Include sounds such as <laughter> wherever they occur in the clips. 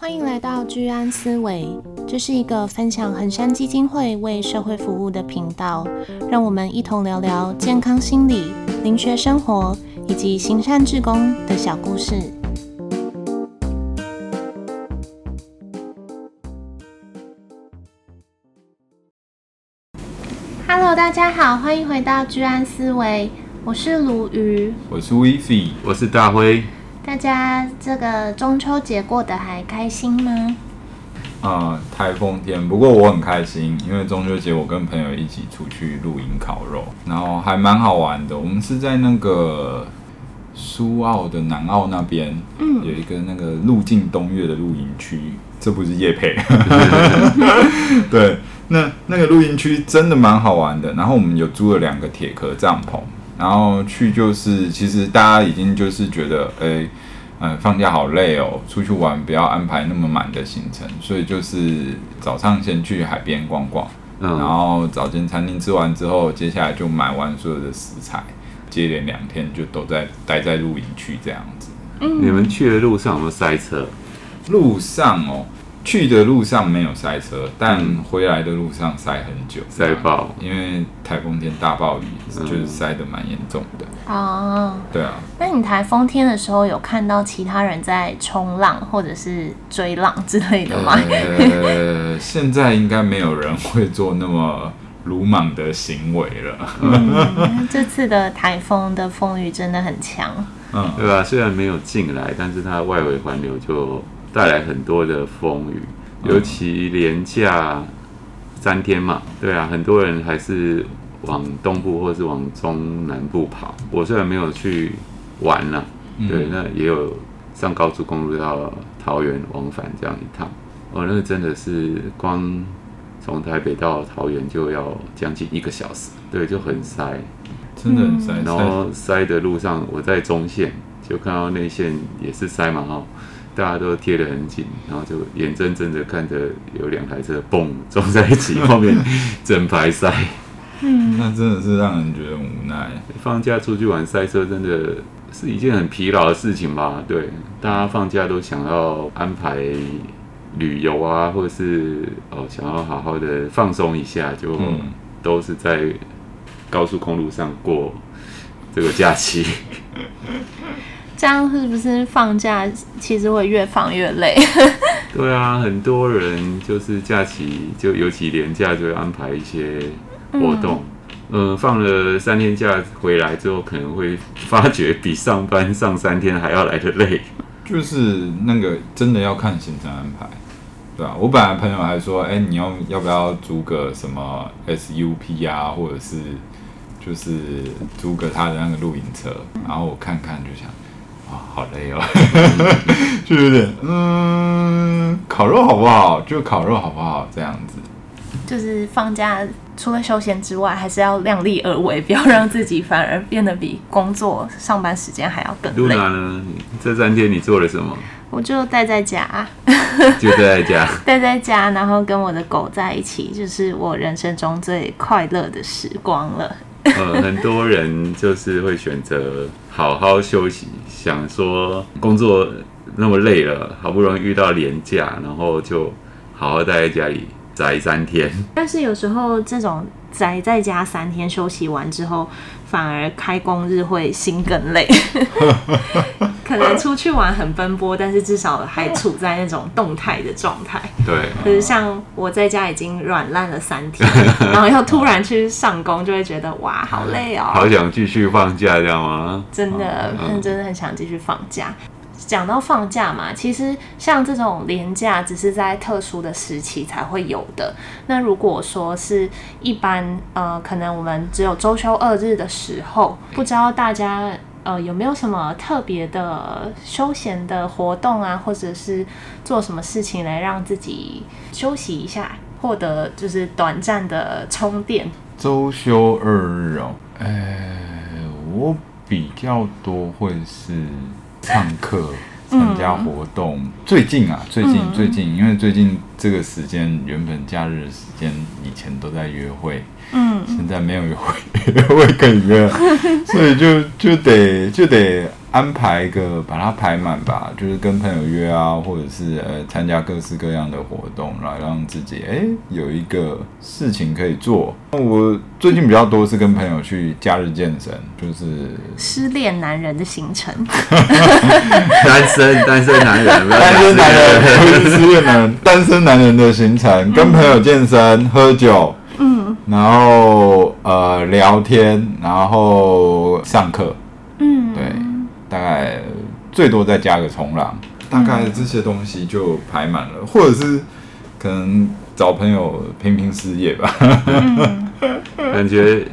歡迎來到居安思微，這是一個分享衡山基金會為社會服務的頻道，讓我們一同聊聊健康心理、靈學生活以及行善志工的小故事。Hello，大家好，歡迎回到居安思微，我是魯魚，我是 v 飛，我是大輝。大家這個中秋節過得還開心嗎？啊、呃，台風天，不過我很開心，因為中秋節我跟朋友一起出去露營烤肉，然後還蠻好玩的。我們是在那個蘇澳的南澳那邊，嗯、有一個那個路境東岳的露營區，這不是業配，嗯、 <laughs> <laughs> 對，那那個露營區真的蠻好玩的。然後我們有租了兩個鐵殼帳篷。然後去就是，其實大家已經就是覺得，誒、欸，嗯、呃，放假好累哦，出去玩不要安排那麼滿的行程，所以就是早上先去海邊逛逛，嗯，然後找間餐廳吃完之後，接下來就買完所有的食材，接連兩天就都在待在露營區這樣子。嗯，你們去的路上有沒有塞車？路上哦？去的路上沒有塞車，但回來的路上塞很久，塞爆，因為台風天大暴雨，嗯、就是塞得蠻嚴重的。哦對啊。那你台風天的時候有看到其他人在衝浪或者是追浪之類的嗎？呃， <laughs> 現在應該沒有人會做那麼魯莽的行為了。嗯、 <laughs> 因為這次的台風的風雨真的很強，嗯，對吧、啊？雖然沒有進來，但是它外圍環流就。帶來很多的風雨，尤其連假三天嘛，對啊，很多人還是往東部或是往中南部跑。我雖然沒有去玩了、啊，嗯、對，那也有上高速公路到桃園往返這樣一趟。我、哦、那個真的是光從台北到桃園就要將近一個小時，對，就很塞，真的很塞。嗯、然後塞的路上，我在中線就看到內線也是塞嘛，吼。大家都貼得很緊，然後就眼睜睜的看着有兩台車蹦撞在一起，後面整排塞。嗯，那真的是讓人覺得無奈。放假出去玩，塞車，真的是一件很疲勞的事情吧？對，大家放假都想要安排旅遊啊，或者是哦，想要好好的放鬆一下，就、嗯、都是在高速公路上過這個假期。 <laughs> 這樣是不是放假其實會越放越累？ <laughs> 對啊，很多人就是假期就尤其連假就會安排一些活動。嗯，嗯，放了三天假回來之後，可能會發覺比上班上三天還要來得累。就是那個真的要看行程安排，對啊。我本來朋友還說，哎、欸，你要要不要租個什麼 SUP 啊，或者是就是租個他的那個露營車，然後我看看就想。哦、好累哦，是不是？嗯，烤肉好不好？就烤肉好不好？這樣子。就是放假除了休閒之外，還是要量力而為，不要讓自己反而變得比工作上班時間還要更累。露娜呢？這三天你做了什麼？我就待在家。 <laughs> 就待在家。待在家，然後跟我的狗在一起，就是我人生中最快樂的時光了。嗯、 <laughs> 呃，很多人就是會選擇好好休息。想說工作那麼累了，好不容易遇到年假，然後就好好待在家裡。宅三天，但是有時候這種宅在家三天休息完之後，反而開工日會心更累。 <laughs> 可能出去玩很奔波，但是至少還處在那種動態的狀態。對，可是像我在家已經軟爛了三天，哦、然後又突然去上工，就會覺得 <laughs> 哇，好累哦。好想繼續放假，這樣嗎？真的，哦嗯、真的很想繼續放假。講到放假嘛，其實像這種連假只是在特殊的時期才會有的。那如果說是一般，呃，可能我們只有周休二日的時候，不知道大家呃有沒有什麼特別的休閒的活動啊，或者是做什麼事情來讓自己休息一下，或者就是短暫的充電。周休二日哦，哎，我比較多會是。上課，參加活動。嗯、最近啊，最近最近，因為最近這個時間原本假日的時間以前都在約會，嗯、現在沒有約會，約會更熱，嗯、所以就就得就得。就得安排一個把它排滿吧，就是跟朋友約啊，或者是呃參加各式各樣的活動，來讓自己誒、欸、有一個事情可以做。我最近比較多是跟朋友去假日健身，就是失戀男人的行程， <laughs> <laughs> 單身男人 <laughs> 單身男人失戀男人單身男人的行程， <laughs> 跟朋友健身喝酒，嗯，然後呃聊天，然後上課。大概最多再加個衝浪，嗯、大概這些東西就排滿了，或者是可能找朋友拼拼事業吧。嗯、 <laughs> 感覺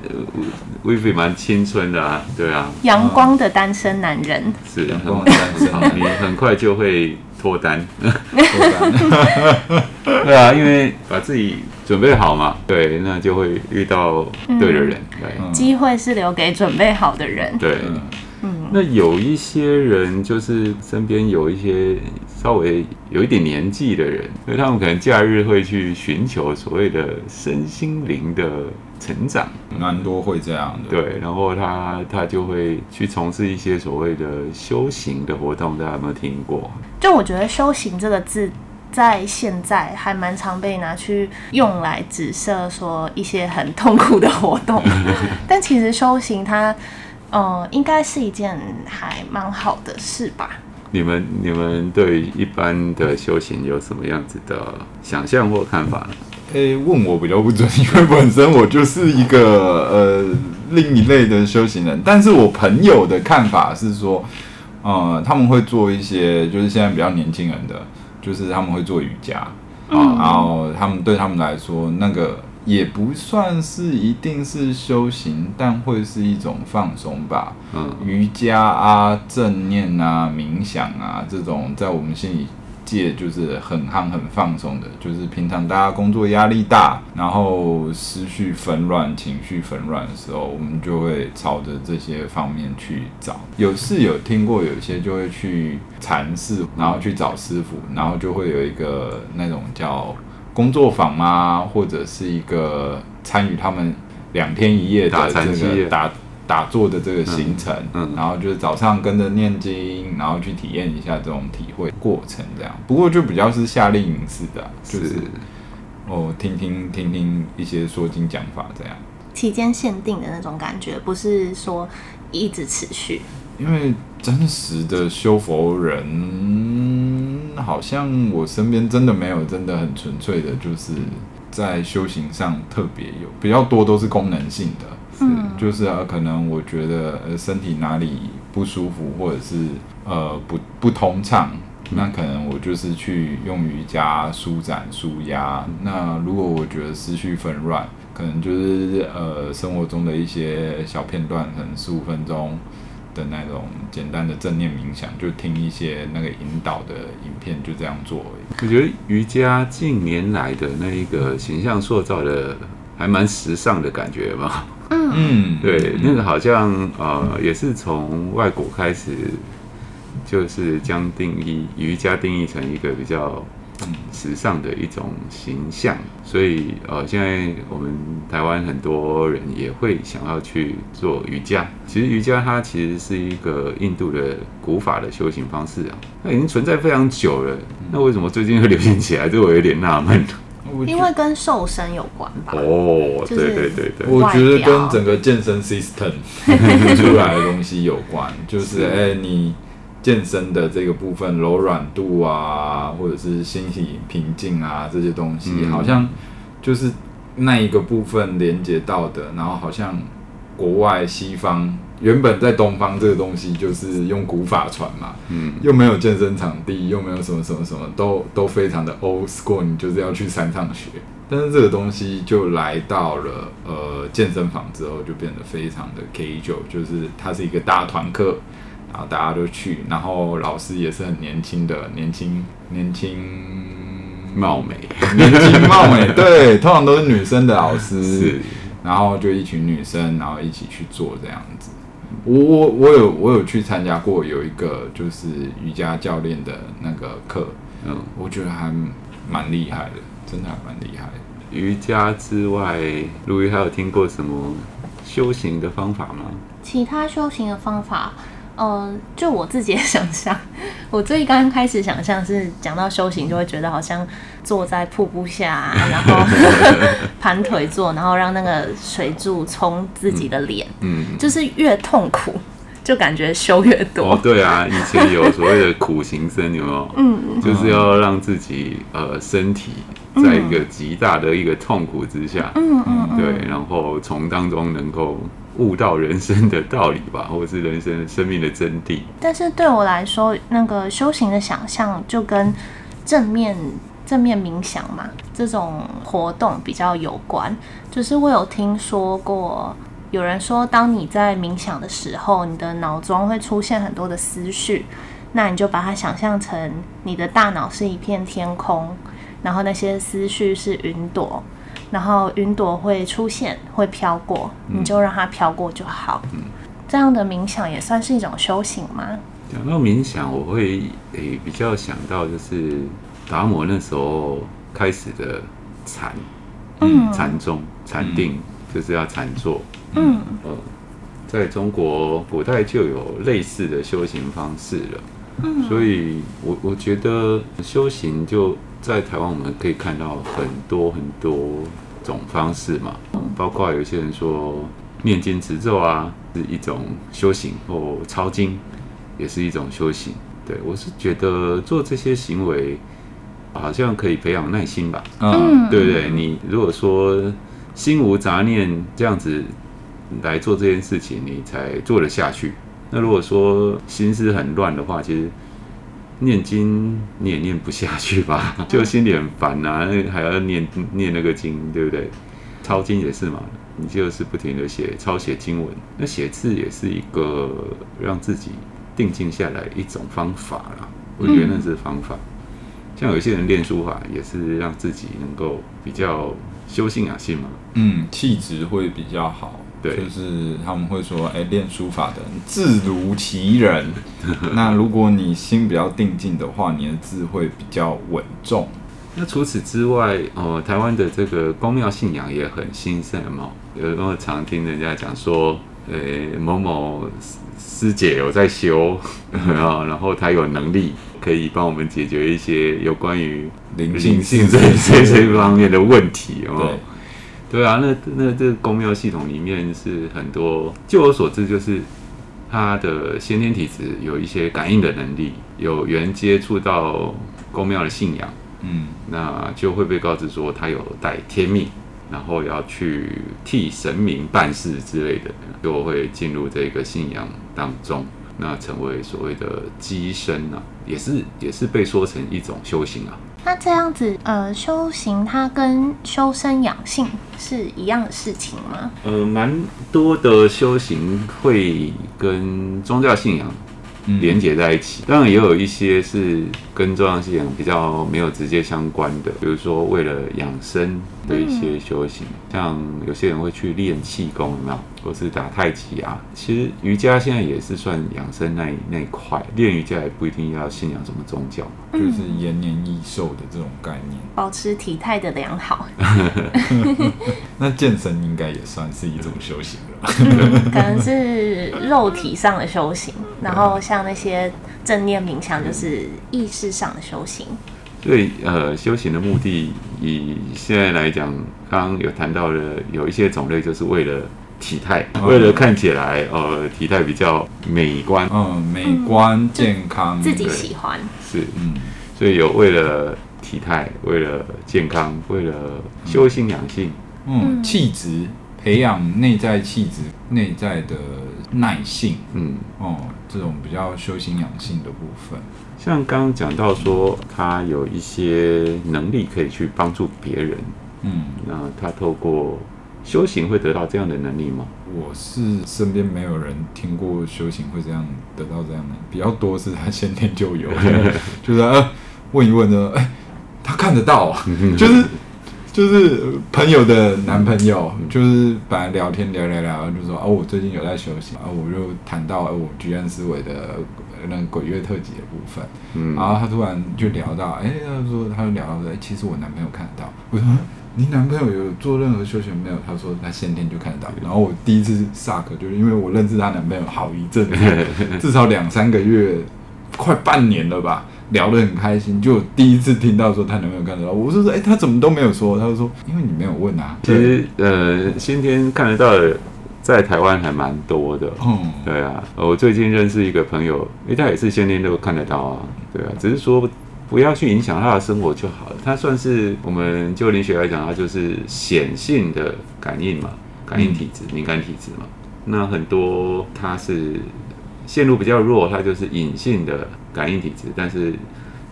威威蠻青春的啊，對啊，陽光的單身男人、嗯、是陽光的單身， <laughs> 你很快就會脫單。脫 <laughs> 脫單， <laughs> 對啊，因為把自己準備好嘛，對，那就會遇到對的人。嗯、對，機會是留給準備好的人。嗯、對。嗯那有一些人，就是身邊有一些稍微有一點年紀的人，所以他們可能假日會去尋求所謂的身心靈的成長，蠻多會這樣的。對，然後他他就會去從事一些所謂的修行的活動，大家有沒有聽過？就我覺得“修行”這個字，在現在還蠻常被拿去用來指涉說一些很痛苦的活動， <laughs> 但其實修行它。嗯、呃，應該是一件還蠻好的事吧？你們你們對一般的修行有什麼樣子的想象或看法？誒、欸，問我比較不準，因為本身我就是一個呃另一類的修行人。但是我朋友的看法是說，呃，他們會做一些，就是現在比較年輕人的，就是他們會做瑜伽啊、嗯呃，然後他們對他們來說那個。也不算是一定是修行，但會是一種放鬆吧。嗯，瑜伽啊、正念啊、冥想啊，這種在我們心理界就是很夯、很放鬆的。就是平常大家工作壓力大，然後思緒紛亂、情緒紛亂的時候，我們就會朝着這些方面去找。有是有聽過，有些就會去禪寺，然後去找師傅，然後就會有一個那種叫。工作坊嘛、啊，或者是一個參與他們兩天一夜的這個打打，打，打坐的這個行程，嗯嗯、然後就是早上跟着念經，然後去體驗一下這種體會過程這樣。不過就比較是夏令營似的，就是，是哦，聽聽聽聽一些說經講法這樣。期間限定的那種感覺，不是說一直持續。因為真實的修佛人。那好像我身邊真的沒有真的很純粹的，就是在修行上特別有，比較多都是功能性的，嗯、是。就是啊，可能我覺得呃身體哪裡不舒服或者是呃不不通暢，那可能我就是去用瑜伽舒展舒壓。那如果我覺得思緒紛亂，可能就是呃生活中的一些小片段，可能十五分鐘。的那種簡單的正念冥想，就聽一些那個引導的影片，就這樣做。我覺得瑜伽近年來的那一個形象塑造的還蠻時尚的感覺吧。嗯嗯，對，那個好像呃也是從外國開始，就是將定義瑜伽定義成一個比較，嗯、時尚的一種形象，所以呃，現在我們台灣很多人也會想要去做瑜伽。其實瑜伽它其實是一個印度的古法的修行方式啊，它已經存在非常久了。嗯、那為什麼最近會流行起來？對我有點納悶。因為跟瘦身有關吧？哦，oh, 對對對對，我覺得跟整個健身 system <laughs> 出來的東西有關，就是哎的、欸、你。健身的這個部分，柔軟度啊，或者是心情平靜啊，這些東西，嗯、好像就是那一個部分連接到的。然後好像國外西方原本在東方這個東西就是用古法傳嘛，嗯，又沒有健身場地，又沒有什麼什麼什麼都都非常的 old school，你就是要去山上學。但是這個東西就來到了呃健身房之後，就變得非常的 k a 就，就是它是一個大團課。大家都去，然後老師也是很年輕的，年輕年輕貌美，年輕貌美， <laughs> 美，對，通常都是女生的老師。是然後就一群女生，然後一起去做這樣子。我我我有我有去參加過有一個就是瑜伽教練的那個課，嗯，我覺得還蠻厲害的，真的還蠻厲害。瑜伽之外，魯瑜還有聽過什麼修行的方法嗎？其他修行的方法。嗯、呃，就我自己的想象，我最剛開始想象是講到修行，就會覺得好像坐在瀑布下，啊，然後 <laughs> <laughs> 盤腿坐，然後讓那個水柱衝自己的臉，嗯，就是越痛苦，就感覺修越多。哦，對啊，以前有所謂的苦行僧， <laughs> 有沒有？嗯，就是要讓自己呃身體在一個極大的一個痛苦之下，嗯嗯，對，然後從當中能夠。悟到人生的道理吧，或者是人生生命的真諦。但是對我來說，那個修行的想象就跟正念正念冥想嘛，這種活動比較有關。就是我有聽說過有人說，當你在冥想的時候，你的腦中會出現很多的思緒，那你就把它想象成你的大腦是一片天空，然後那些思緒是雲朵。然後雲朵會出現，會飄過，嗯、你就讓它飄過就好。嗯、這樣的冥想也算是一種修行嗎？講到冥想，我會誒比較想到就是達摩那時候開始的禪，嗯，禪宗禪定、嗯、就是要禪坐，嗯，嗯、呃、在中國古代就有類似的修行方式了。嗯、所以我我覺得修行就在台灣，我們可以看到很多很多。種方式嘛，包括有些人說念經持咒啊，是一種修行；或抄經，也是一種修行。對我是覺得做這些行為，好像可以培養耐心吧，嗯，對不對，對？你如果說心無雜念這樣子來做這件事情，你才做得下去。那如果說心思很亂的話，其實。念經你也念不下去吧，就心裡很煩吶、啊，還要念念那個經，對不對？抄經也是嘛，你就是不停的寫抄寫經文，那寫字也是一個讓自己定靜下來一種方法啦。我覺得那是方法。嗯、像有些人練書法，也是讓自己能夠比較修性養性嘛。嗯，氣質會比較好。對就是他們會說，哎，練書法的字如其人。 <laughs> 那如果你心比較定靜的話，你的字會比較穩重。那除此之外，哦、呃，台灣的這個宮廟信仰也很興盛哦。有時候常聽人家講說、欸，某某師師姐有在修，有有然後她有能力可以幫我們解決一些有關於靈性這這這方面的問題哦。有對啊，那那這個宮廟系統裡面是很多，就我所知，就是他的先天體質有一些感應的能力，有緣接觸到宮廟的信仰，嗯，那就會被告知說他有帶天命，然後要去替神明辦事之類的，就會進入這個信仰當中，那成為所謂的乩身啊，也是也是被說成一種修行啊。那這樣子，呃，修行它跟修身養性是一樣的事情嗎？呃，蠻多的修行會跟宗教信仰連結在一起，嗯，當然也有一些是跟宗教信仰比較沒有直接相關的，比如說為了養生的一些修行，像有些人會去練氣功啊。或是打太極啊，其實瑜伽現在也是算養生那那一塊。練瑜伽也不一定要信仰什麼宗教，嗯、就是延年益壽的這種概念，保持體態的良好。 <laughs> <laughs> 那健身應該也算是一種修行的、嗯、可能是肉體上的修行， <laughs> 然後像那些正念冥想，就是意識上的修行。對、嗯，呃，修行的目的，以現在來講，剛剛有談到了，有一些種類就是為了。體態，為了看起來，呃，體態比較美觀，嗯，美觀、嗯、健康，自己喜歡，是，嗯，所以有為了體態，為了健康，為了修心養性，嗯，嗯，氣質，培養內在氣質，內在的耐性，嗯，哦，這種比較修心養性的部分，像剛剛講到說，他有一些能力可以去幫助別人，嗯，那他透過。修行會得到這樣的能力嗎？我是身邊沒有人聽過修行會這樣得到這樣的，比較多是他先天就有的， <laughs> 就是、呃、問一問呢，哎，他看得到， <laughs> 就是就是朋友的男朋友， <coughs> 就是本來聊天聊聊聊，就說哦，我最近有在修行，啊，我就談到、哦、我居安思微的那個鬼月特輯的部分， <coughs> 然後他突然就聊到，哎，他說他就聊到說，其實我男朋友看得到，我說。 <coughs> 你男朋友有做任何修行沒有？他說他先天就看得到。然後我第一次撒科，就是因為我認識他男朋友好一陣、啊，至少兩三個月， <laughs> 快半年了吧，聊得很開心，就第一次聽到說他男朋友看得到我。我說說，哎、欸，他怎麼都沒有說？他就說，因為你沒有問啊。其實，呃，先天看得到的，在台灣還蠻多的。哦、嗯，對啊，我最近認識一個朋友，因為他也是先天都看得到啊。對啊，只是說。不要去影響他的生活就好了。他算是我們就靈學來講，他就是顯性的感應嘛，感應體質、敏感體質嘛。嗯、那很多他是線路比較弱，他就是隱性的感應體質，但是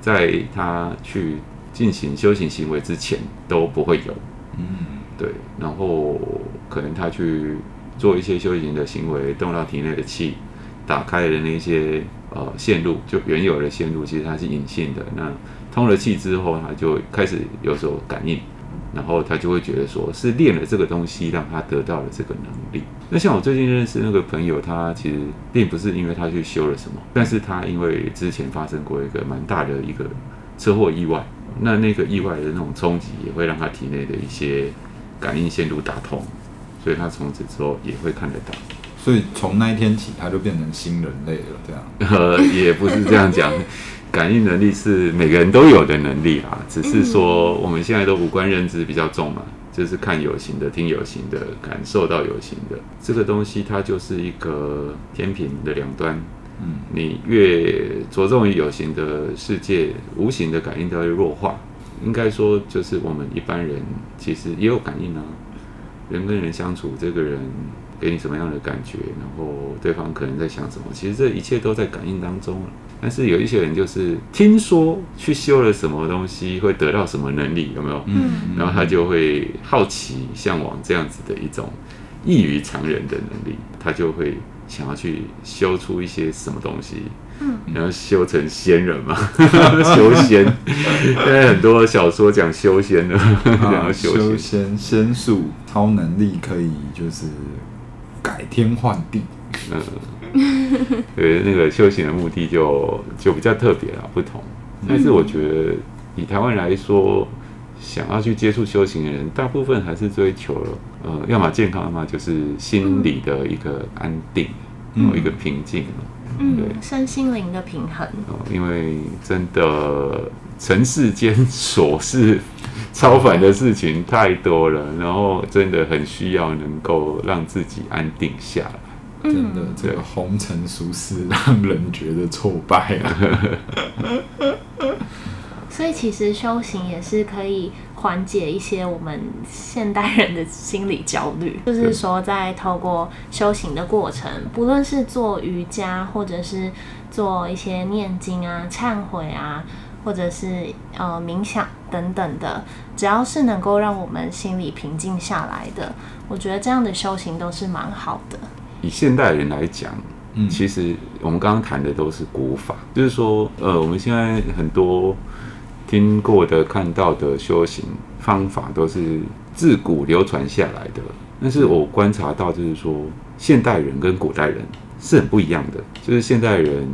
在他去進行修行行為之前都不會有，嗯，對。然後可能他去做一些修行的行為，動到體內的氣。打開的那些呃，線路，就原有的線路其實它是隱性的。那通了氣之後，它就開始有所感應，然後他就會覺得說是練了這個東西，讓他得到了這個能力。那像我最近認識那個朋友，他其實並不是因為他去修了什麼，但是他因為之前發生過一個蠻大的一個車禍意外，那那個意外的那種衝擊也會讓他體內的一些感應線路打通，所以他從此之後也會看得到。所以從那一天起，他就變成新人類了。這樣、對啊呃，也不是這樣講， <laughs> 感應能力是每個人都有的能力啊，只是說，我們現在的五官認知比較重嘛，嗯、就是看有形的、聽有形的、感受到有形的這個東西，它就是一個天平的兩端。嗯，你越着重於有形的世界，無形的感應都會弱化。應該說，就是我們一般人其實也有感應啊。人跟人相處，這個人。給你什麼樣的感覺？然後對方可能在想什麼？其實這一切都在感應當中了。但是有一些人就是聽說去修了什麼東西會得到什麼能力，有沒有？嗯。然後他就會好奇、嚮往這樣子的一種異於常人的能力，他就會想要去修出一些什麼東西。嗯。然後修成仙人嘛，嗯、 <laughs> 修仙。現在很多小說講修仙的，修仙、啊。修仙、仙術、超能力可以就是。改天換地，嗯、呃，對， <laughs> 那個修行的目的就就比較特別了，不同。但是我覺得以台灣來說，嗯、想要去接觸修行的人，大部分還是追求了呃，要麼健康的嘛，要麼就是心理的一個安定，嗯、然後一個平靜。嗯，對嗯，身心靈的平衡。因為真的塵世間瑣事。超凡的事情太多了，然後真的很需要能夠讓自己安定下來。嗯、真的，這個紅塵俗世讓人覺得挫敗啊。 <laughs> 所以，其實修行也是可以緩解一些我們現代人的心理焦慮。就是說，在透過修行的過程，不論是做瑜伽，或者是做一些念經啊、懺悔啊。或者是呃冥想等等的，只要是能夠讓我們心裡平靜下來的，我覺得這樣的修行都是蠻好的。以現代人來講，嗯，其實我們剛剛談的都是古法，就是說呃，我們現在很多聽過的、看到的修行方法都是自古流傳下來的。但是我觀察到，就是說現代人跟古代人是很不一樣的，就是現代人。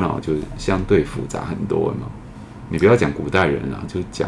頭腦就相對複雜很多嘛，你不要講古代人啦、啊，就講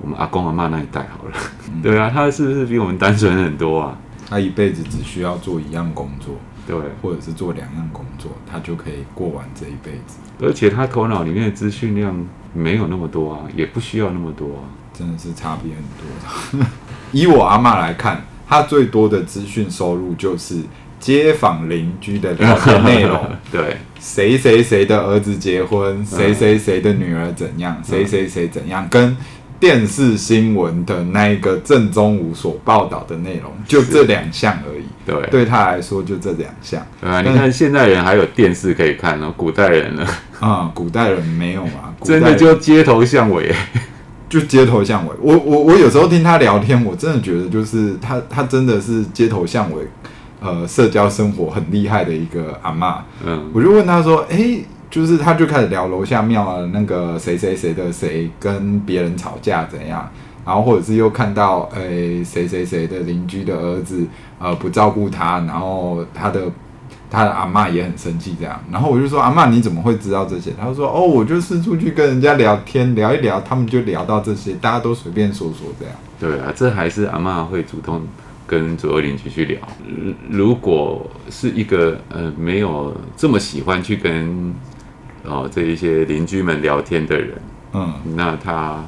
我們阿公阿媽那一代好了。嗯、 <laughs> 對啊，他是不是比我們單純很多啊？他一輩子只需要做一樣工作，對，或者是做兩樣工作，他就可以過完這一輩子。而且他頭腦裡面的資訊量沒有那麼多啊，也不需要那麼多啊，真的是差別很多。 <laughs> 以我阿媽來看，他最多的資訊收入就是。街坊鄰居的聊天內容， <laughs> 對誰誰誰的兒子結婚，誰誰誰的女兒怎樣，誰誰誰怎樣，跟電視新聞的那一個正中午所報道的內容，就這兩項而已。對，對他來說就這兩項，對吧、啊？是你看現代人還有電視可以看哦，嗯、古代人呢？啊、嗯，古代人沒有啊，真的就街頭巷尾，就街頭巷尾。我我我有時候聽他聊天，我真的覺得就是他他真的是街頭巷尾。呃，社交生活很厲害的一個阿嬤，嗯，我就問他說，哎、欸，就是他就開始聊樓下廟啊，那個誰誰誰的誰跟別人吵架怎樣，然後或者是又看到哎誰誰誰的鄰居的兒子，呃不照顧他，然後他的他的阿嬤也很生氣這樣，然後我就說，阿嬤你怎麼會知道這些？他說哦，我就是出去跟人家聊天聊一聊，他們就聊到這些，大家都隨便說說這樣。對啊，這還是阿嬤會主動。跟左右鄰居去聊，如果是一個呃沒有這麼喜歡去跟哦、呃、這一些鄰居們聊天的人，嗯，那他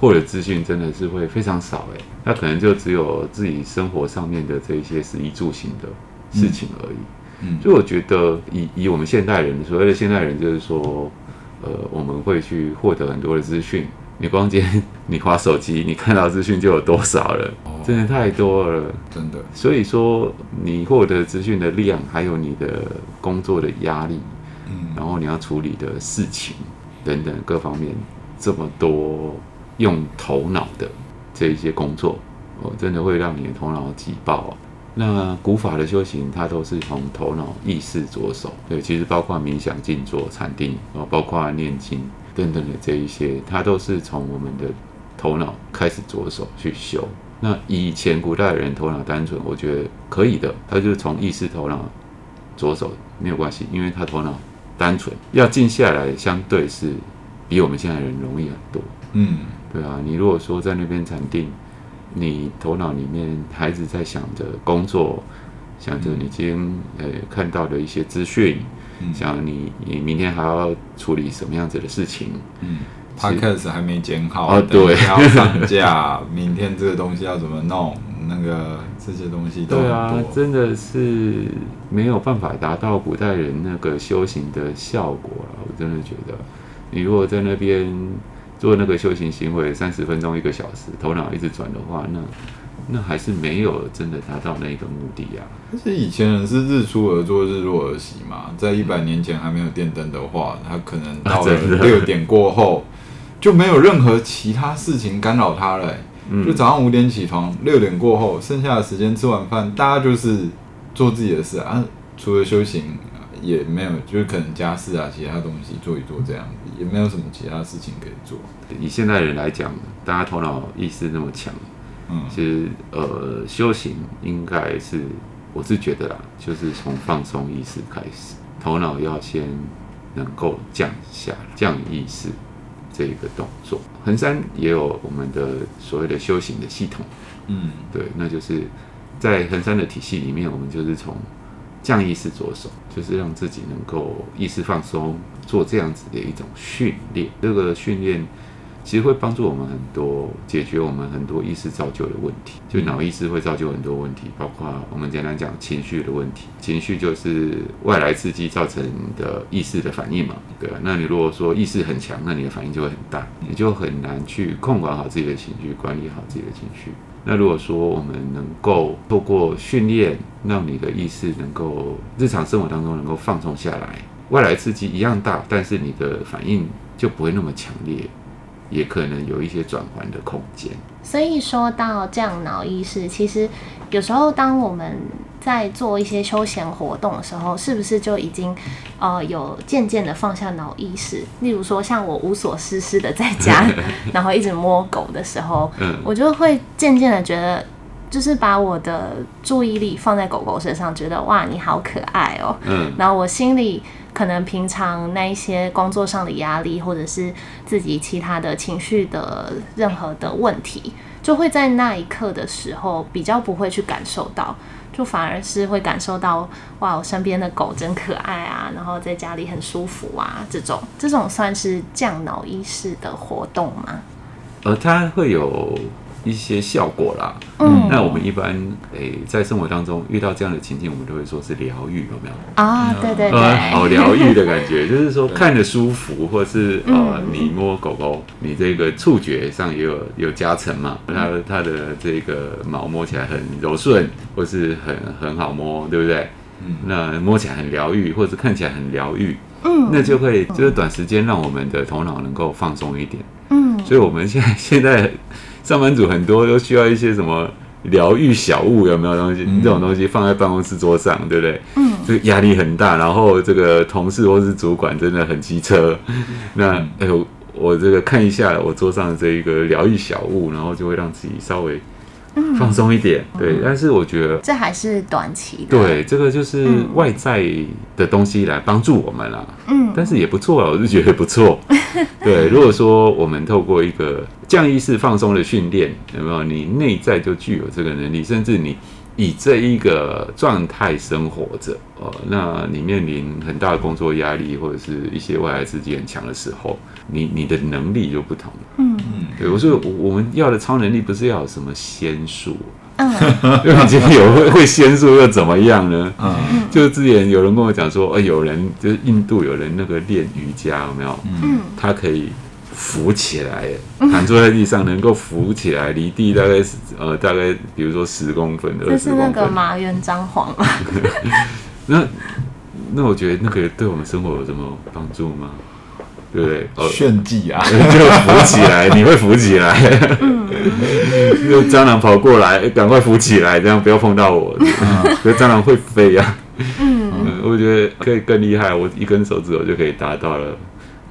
獲得資訊真的是會非常少哎，那可能就只有自己生活上面的這一些食衣住行的事情而已。嗯，嗯，所以我覺得以以我們現代人，所謂的現代人就是說，呃，我們會去獲得很多的資訊。你逛街，你劃手機，你看到資訊就有多少了？真的太多了，哦，真的。所以說，你獲得資訊的量，還有你的工作的壓力，嗯，然後你要處理的事情等等各方面，這麼多用頭腦的這一些工作，哦，真的會讓你的頭腦擠爆啊。那古法的修行，它都是從頭腦意識着手，對，其實包括冥想、靜坐、禪定，然後包括念經。等等的這一些，它都是從我們的頭腦開始着手去修。那以前古代的人頭腦單純，我覺得可以的，他就是從意識頭腦着手，沒有關係，因為他頭腦單純，要靜下來相對是比我們現在人容易很多。嗯，對啊，你如果說在那邊禪定，你頭腦裡面還是在想着工作，想着你今天呃、欸、看到的一些資訊。想你，你明天還要處理什麼樣子的事情？嗯 Podcast 還沒剪好，對，對、哦，要上架。 <laughs> 明天這個東西要怎麼弄？那個這些東西都，對啊，真的是沒有辦法達到古代人那個修行的效果了。我真的覺得，你如果在那邊做那個修行行為，三十分鐘、一個小時，頭腦一直轉的話，那。那還是沒有真的達到那個目的呀、啊。但是以前人是日出而作，日落而息嘛。在一百年前還沒有電燈的話，他可能到了六點過後，啊、就沒有任何其他事情干擾他了、欸。嗯、就早上五點起床，六點過後，剩下的時間吃完飯，大家就是做自己的事啊。啊，除了修行，也沒有，就是可能家事啊，其他東西做一做這樣子，嗯、也沒有什麼其他事情可以做。以現代人來講，大家頭腦意識那麼強。嗯、其實，呃，修行應該是，我是覺得啦，就是從放鬆意識開始，頭腦要先能夠降下、降意識這一個動作。衡山也有我們的所謂的修行的系統，嗯，對,那就是在衡山的體系裡面，我們就是從降意識着手，就是讓自己能夠意識放鬆，做這樣子的一種訓練。這個訓練。其實會幫助我們很多，解決我們很多意識造就的問題。就腦意識會造就很多問題，包括我們簡單講情緒的問題。情緒就是外來刺激造成的意識的反應嘛？對，那你如果說意識很強，那你的反應就會很大，你就很難去控管好自己的情緒，管理好自己的情緒。那如果說我們能夠透過訓練，讓你的意識能夠日常生活當中能夠放鬆下來，外來刺激一樣大，但是你的反應就不會那麼強烈。也可能有一些轉換的空間。所以說到這樣，腦意識，其實有時候當我們在做一些休閒活動的時候，是不是就已經呃有漸漸的放下腦意識？例如說，像我無所事事的在家， <laughs> 然後一直摸狗的時候，嗯，我就會漸漸的覺得，就是把我的注意力放在狗狗身上，覺得哇，你好可愛哦、喔，嗯，然後我心裡。可能平常那一些工作上的壓力，或者是自己其他的情緒的任何的問題，就會在那一刻的時候比較不會去感受到，就反而是會感受到哇，我身邊的狗真可愛啊，然後在家裡很舒服啊，這種這種算是降腦意識的活動嗎？呃，它會有。一些效果啦，嗯，那我們一般誒、欸，在生活當中遇到這樣的情境，我們都會說是療癒，有沒有啊、哦？對對對，嗯、好療癒的感覺， <laughs> 就是說對看着舒服，或是呃，你摸狗狗，你這個觸覺上也有有加成嘛？它它的這個毛摸起來很柔順，或是很很好摸，對不對？嗯，那摸起來很療癒，或是看起來很療癒，嗯，那就會就是短時間讓我們的頭腦能夠放鬆一點，嗯，所以我們現在現在。上班族很多都需要一些什麼療癒小物，有沒有東西？嗯，這種東西放在辦公室桌上，對不對？嗯，就壓力很大，然後這個同事或是主管真的很機車。嗯，那哎呦，欸，我這個看一下我桌上的這一個療癒小物，然後就會讓自己稍微。放鬆一點，嗯、對，但是我覺得、嗯、這還是短期的。對，這個就是外在的東西來幫助我們了、啊。嗯，但是也不錯啊，我是覺得不錯。嗯、對，如果說我們透過一個降意識放鬆的訓練，有沒有？你內在就具有這個能力，甚至你。以這一個狀態生活着，呃，那你面臨很大的工作壓力，或者是一些外來刺激很強的時候，你你的能力就不同了。嗯，對，我說我們要的超能力不是要有什麼仙術，嗯，對，你今天有會會仙術又怎麼樣呢？嗯，就是之前有人跟我講說，哎、呃，有人就是印度有人那個練瑜伽，有沒有？嗯，他可以。浮起來，盤坐在地上能夠浮起來，離地大概是、嗯、呃大概比如說十公分，二十公分。就是那個麻原彰晃。 <laughs> 那那我覺得那個對我們生活有什麼幫助嗎？嗯、對不對？呃、炫技啊， <laughs> 就浮起來，你會浮起來。有、 <laughs> 嗯、 <laughs> 蟑螂跑過來，趕快浮起來，這樣不要碰到我。嗯、蟑螂會飛啊。 <laughs> 嗯，嗯我覺得可以更厲害，我一根手指頭就可以達到了。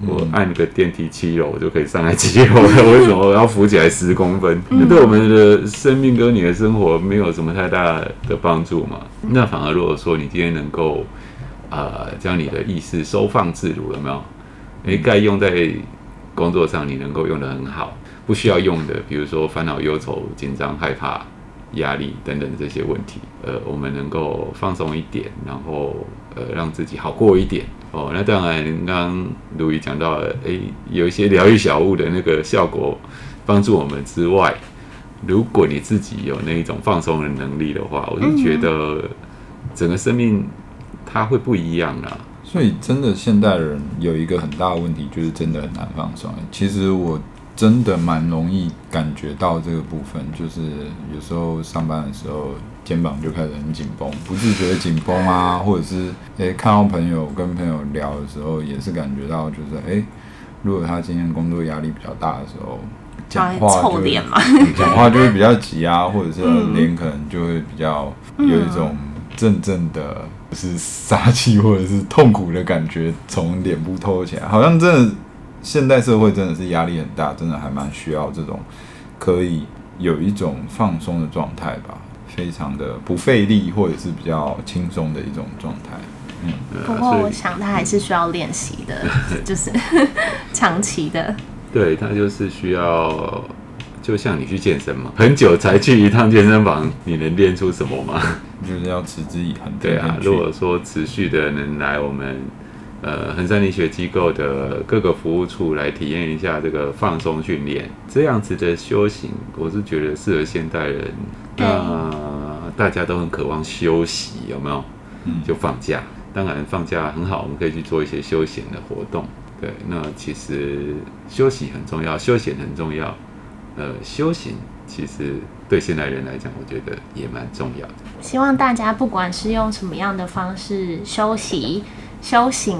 我按個電梯七樓，我就可以上來七樓。為什麼我要浮起來十公分？那對我們的生命跟你的生活沒有什麼太大的幫助嘛？那反而如果說你今天能夠啊，將、呃、你的意識收放自如，有沒有？因為該用在工作上，你能夠用得很好，不需要用的，比如說煩惱、憂愁、緊張、害怕。壓力等等這些問題，呃，我們能夠放鬆一點，然後呃，讓自己好過一點哦。那當然剛剛如，剛剛盧瑜講到，誒，有一些療癒小物的那個效果幫助我們之外，如果你自己有那一種放鬆的能力的話，我就覺得整個生命它會不一樣了，啊。所以，真的現代人有一個很大的問題，就是真的很難放鬆，欸。其實我。真的蠻容易感覺到這個部分，就是有時候上班的時候肩膀就開始很緊繃，不自覺的緊繃啊，或者是誒、欸，看到朋友跟朋友聊的時候，也是感覺到就是誒、欸，如果他今天工作壓力比較大的時候，講話就講、嗯、話就會比較急啊，或者是臉可能就會比較有一種陣陣的，嗯啊、是殺氣或者是痛苦的感覺從臉部透起來，好像真的。現代社會真的是壓力很大，真的還蠻需要這種可以有一種放鬆的狀態吧，非常的不費力或者是比較輕鬆的一種狀態。嗯，不過我想他還是需要練習的，嗯、就是 <laughs> 長期的。對，他就是需要，就像你去健身嘛，很久才去一趟健身房，你能練出什麼嗎？就是要持之以恆。對啊，如果說持續的能來我們。呃，衡山靈學機構的各個服務處來體驗一下這個放鬆訓練，這樣子的修行，我是覺得適合現代人。那、呃嗯、大家都很渴望休息，有沒有？嗯，就放假。當然，放假很好，我們可以去做一些休閒的活動。對，那其實休息很重要，休閒很重要。呃，修行其實對現代人來講，我覺得也蠻重要的。希望大家不管是用什麼樣的方式休息。 <laughs> 修行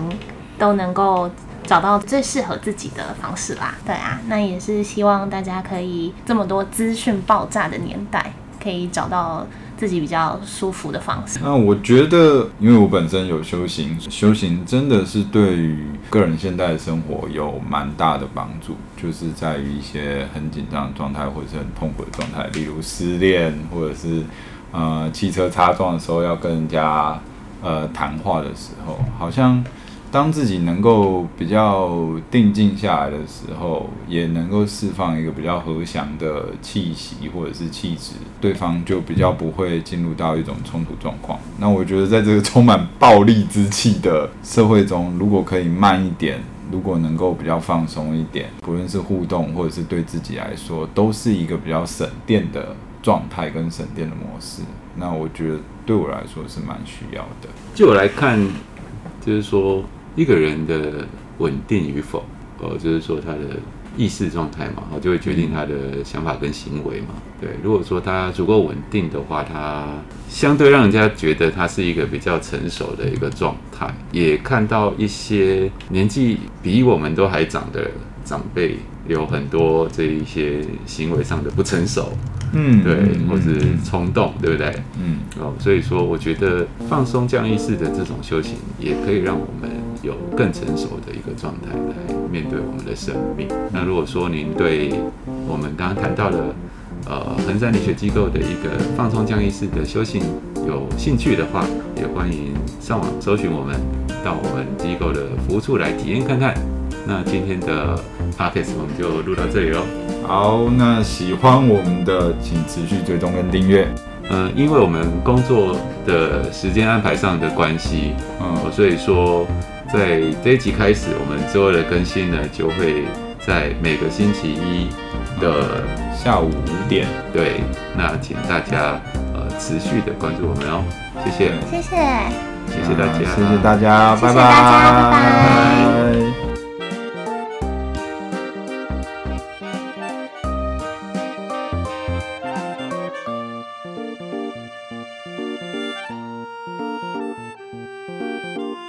都能夠找到最適合自己的方式啦。對啊，那也是希望大家可以這麼多資訊爆炸的年代，可以找到自己比較舒服的方式。那我覺得，因為我本身有修行，修行真的是對於個人現代的生活有蠻大的幫助，就是在於一些很緊張的狀態或者是很痛苦的狀態，例如失戀，或者是呃汽車擦撞的時候要跟人家。呃，談話的時候，好像當自己能夠比較定靜下來的時候，也能夠釋放一個比較和祥的氣息或者是氣質，對方就比較不會進入到一種衝突狀況。嗯。那我覺得，在這個充滿暴力之氣的社會中，如果可以慢一點，如果能夠比較放鬆一點，不論是互動或者是對自己來說，都是一個比較省電的狀態跟省電的模式。那我覺得。對我來說是蠻需要的。就我來看，就是說一個人的穩定與否，呃，就是說他的意識狀態嘛，哦，就會決定他的想法跟行為嘛。對，如果說他足夠穩定的話，他相對讓人家覺得他是一個比較成熟的一個狀態。也看到一些年紀比我們都還長的長輩，有很多這一些行為上的不成熟。嗯，對，或者是衝動，嗯、對不對？嗯，哦，所以說，我覺得放鬆降意識的這種修行，也可以讓我們有更成熟的一個狀態來面對我們的生命。嗯、那如果說您對我們剛剛談到了呃衡山靈學機構的一個放鬆降意識的修行有興趣的話，也歡迎上網搜尋我們，到我們機構的服務處來體驗看看。那今天的 Podcast 我們就錄到這裡嘍、哦。好，那喜歡我們的請持續追蹤跟訂閱。嗯、呃，因為我們工作的時間安排上的關係，嗯、呃，所以說在這一集開始，我們之後的更新呢，就會在每個星期一的、嗯、下午五點。對，那請大家呃持續的關注我們哦、喔，對謝謝，謝謝、啊，謝謝大家，謝謝大家，拜拜，謝謝大家，拜拜。